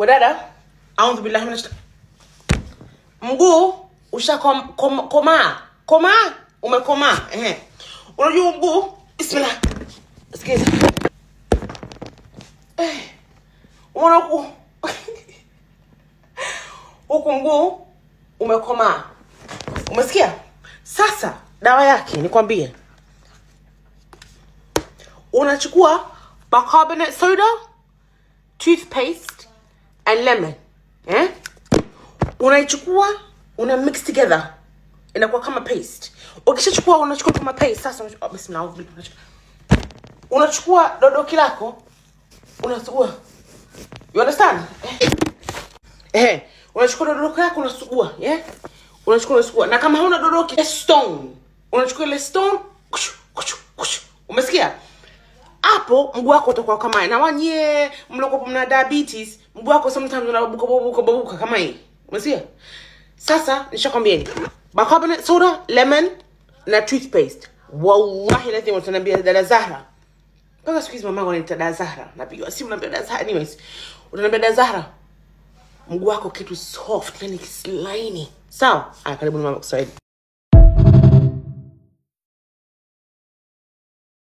Wadada, audhu billahi minash mguu usha kom, kom, koma, koma umekoma. ehe. Unajua mguu, bismillah, sikiza eh, unaona huku huku mguu umekoma, umesikia? Sasa dawa yake nikwambie, unachukua bicarbonate soda, toothpaste and lemon eh? Unaichukua una mix together inakuwa kama paste. Ukishachukua unachukua kama paste sasa. unachukua, Oh, basi mnao Unachukua dodoki lako unasugua, you understand eh? Eh, unachukua dodoki lako unasugua eh, unachukua unasugua, na kama huna dodoki stone unachukua ile stone, kuchu kuchu kuchu, umesikia? hapo mguu wako utakuwa kama na wanyie mloko mna diabetes, mguu wako sometimes unabuka buka buka kama hii, umesikia? Sasa nishakwambieni bicarbonate soda, lemon na toothpaste. Wallahi lazima utaniambia dada Zahra. Mpaka siku hizi mamangu ananiita dada Zahra, napigiwa simu naambia dada Zahra. Anyways, utaniambia dada Zahra, mguu wako kitu soft, yani slimy. Sawa? Ah, karibu ni mama kusaidia.